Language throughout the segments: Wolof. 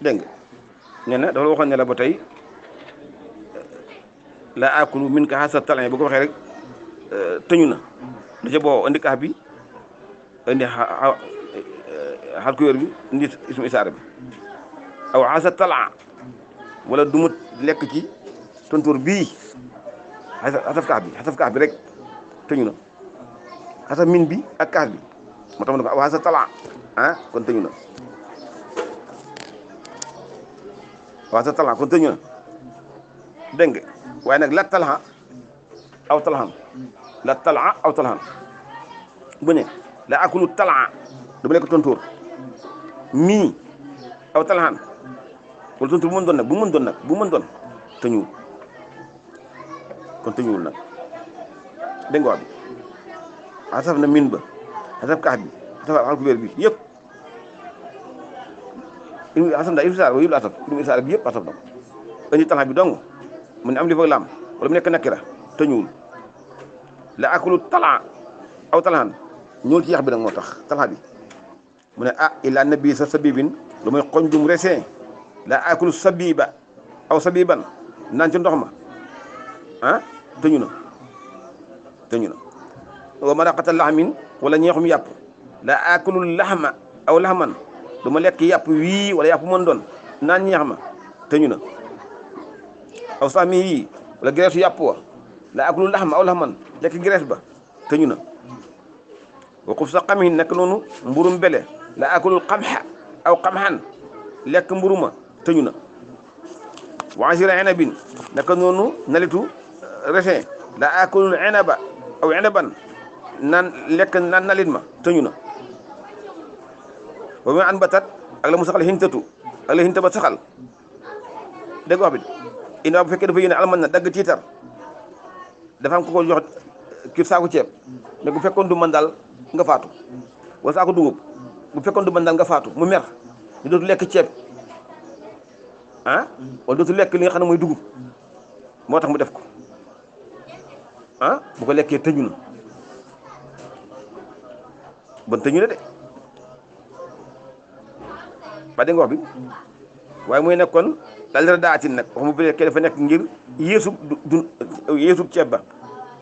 dégg nga nee na dafa la waxoon ne la ba tey la akulu min ka xasa talin bu ko waxee rek euh, tëñu na da ca boo bi indi euh, xal ku wér bi indi bi aw dumut lekk ci tontóor bii xasaf kax bi xasaf kax bi rek tëñu na xasaf min bi ak kax bi moo tax mu ne ko ah, kon tëñu waaw sa talent kon tëñu na dégg waaye nag la talent aw talhan la talent aw talhan bu ne la akunu talent dama nekk tontóor mii aw talhan wala tontóor bu mën doon nag bu mën doon nag bu mën doon tëñuwul kon tëñuwul nag dégg nga wax bi asaf na min ba asaf kaax bi asaf alkubeer bi yëpp xasan daal ifsaar wa yul asaf ilu isaar bi yëpp asaf na ko indi talxa bi dong mu am li foog laam wala mu nekk nakira te ñuul la akulu talxa aw talxaan ñuul ci yax bi nag moo tax talxa bi mu ne ah illa nabi sa sabibin lu mooy xonjum resin la akulu sabiba aw sabiban naan ci ndox ma ah te ñu na te ñu na wa maraqata laxmin ñeexum yàpp la akulu laxma aw laxman du ma lekk yàpp wii wala yàpp mën doon naan ñeex ma tëñu na aw sax mi yii wala gereesu yàpp wa laa akulu laxma aw laxman lekk gerees ba tëñu na wa xuf sa xamihin nekk mburum bele laa akulul xamxa aw xamxan lekk mburuma tëñu na wa asira enabin nekk noonu nalitu resin laa akulul enaba aw enaban naan lekk naan nalit ma tëñu wa ma an batat ak la mu saxal xintatu ak la xinta ba saxal dégg wax bi inaa bu fekkee dafa yéene alman na dagg tiitar dafa am ko ko jox kii saako ceeb mais bu fekkoon du man daal nga faatu wala saako dugub bu fekkoon du man daal nga faatu mu mer ñu dootu lekk ceeb ah wala dootu lekk li nga xam mooy dugub moo tax mu def ko ah bu ko lekkee tëju na bon tëju na de ba dégg nga bi waaye muy nekkoon kon dal radaatin nag wax mu bu fekkee dafa nekk ngir yéesub du yéesub ceeb ba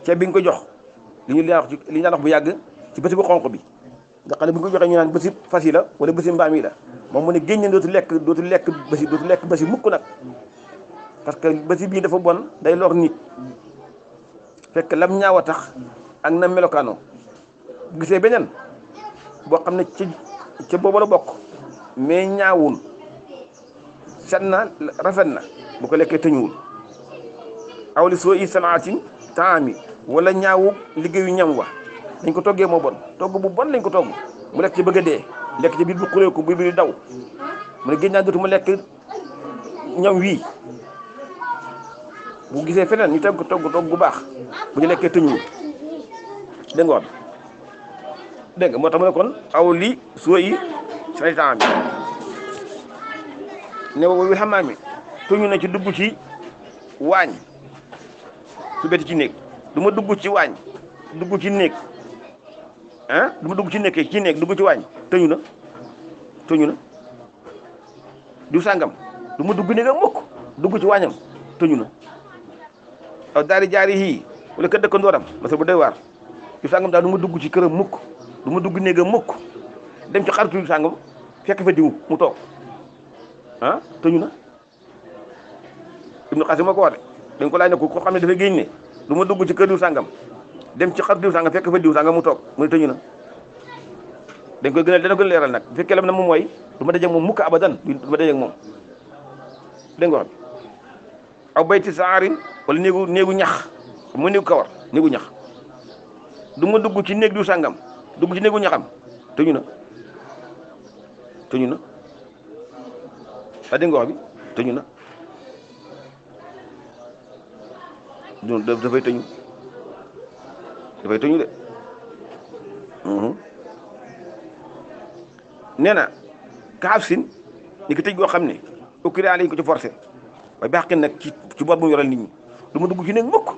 ceeb bi nga ko jox li ñu daan wax li ñu bu yàgg ci bësi bu xonq bi nga xam ne bu nga ko joxee ñu naan bësi fas yi la wala bësi mbaam yi la moom mu ne génn ne dootu lekk dootu lekk bësi dootu lekk bësi mukk nag parce que bësi bii dafa bon day loor nit fekk lam ñaaw a tax ak na melokaano bu gisee beneen boo xam ne ca ca bokk mais ñaawul set na rafet na bu ko lekkee aw li soo i sanaatin taami wala ñaawu liggéeyu ñam wa dañ ko toggee moo bon togg bu bon lañ ko togg mu lekk ci bëgg dee lekk ci biir bu xuree ko biir bi daw mu ne géej naa dootuma lekk ñam wii bu gisee feneen ñu ko togg togg bu baax bu ñu lekkee tëñuwul dégg nga wax dégg nga moo tax mu aw li soo yi président bi ne boobu bi xamaa mi tuñu na ci dugg ci waañ su beti ci néeg du ma dugg ci waañ dugg ci néeg ah du ma dugg ci nekk ci néeg dugg ci waañ tëñu na tëñu na du sàngam du ma dugg néegam mukk dugg ci waañam tëñu na aw daari jaari yii wala kër dëkkandooram masal bu doy waar du sàngam du ma dugg ci këram mukk du ma dugg néegam mukk dem ci xaritu sàngam fekk fa diw mu toog ah tëñu na ibnu xasim moo ko wax de ko laaj ne ko koo xam ne dafa géñ ne du ma dugg ci kër diw sàngam dem ci xaritu diw sàngam fekk fa diw sàngam mu toog mu ne tëñu na dañ koy gënal dana ko leeral nag bu fekkee lam na moom mooy du ma dajeeg moom mukk abadan du ma dajeeg moom dégg nga wax bayti saarin wala néegu néegu ñax mu néegu kawar néegu ñax duma ma dugg ci néeg diw sàngam dugg ci néegu ñaxam tëñu na tëju na a dégg nga wax bi tëju na donc dafay tëju dafay tëju de mhm. nee na kaaf sin ni ki tëj goo xam ne ukkiraa lañ ko ci forcé waaye baax kenn nag ci ci boor bu mu yoral nit ñi du ma dugg ci néeg mukk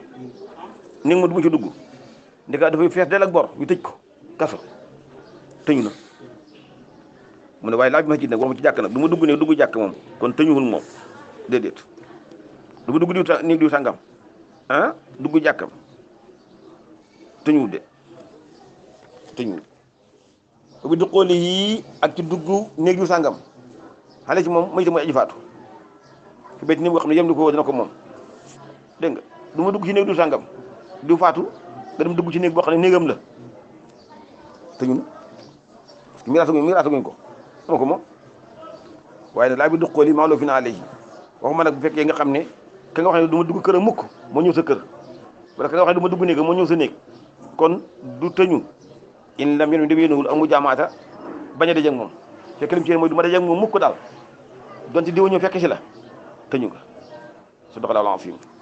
néeg ma du ci dugg ndeka dafay fees del ak bor ñu tëj ko kaso tëju na mu ne waaye laaj bi ma ci nag waxuma ci jàkk nag du ma dugg ne dugg jàkk moom kon tëñuwul moom déedéet du dugg diw ni diw sangam ah dugg jàkkam tëñuwul de tëñuwul dugg néeg sàngam xale moom ma itam mooy aji faatu fi béyt ni boo ne yem ni ko dina ko moom dégg nga du dugg ci néeg diw sàngam diw faatu nga dem dugg ci néeg boo xam ne néegam la tëñun parce que miraas guñ miraas guñ ko sama ko moom waaye nag laa bi duqool yi ma loo fi naa léegi waxuma nag bu fekkee nga xam ne ka nga wax ne du ma dugg kër a mukk moo ñëw sa kër wala ka nga wax ne du ma dugg néeg moo ñëw sa néeg kon du tëñu in lam yéen dem yéenuwul amu jaamaata baña a dajeeg moom fekk lim ci yéen mooy du ma dajeeg moom mukk daal donte di ñëw fekk si la tëñu nga su doxalaa lan fiim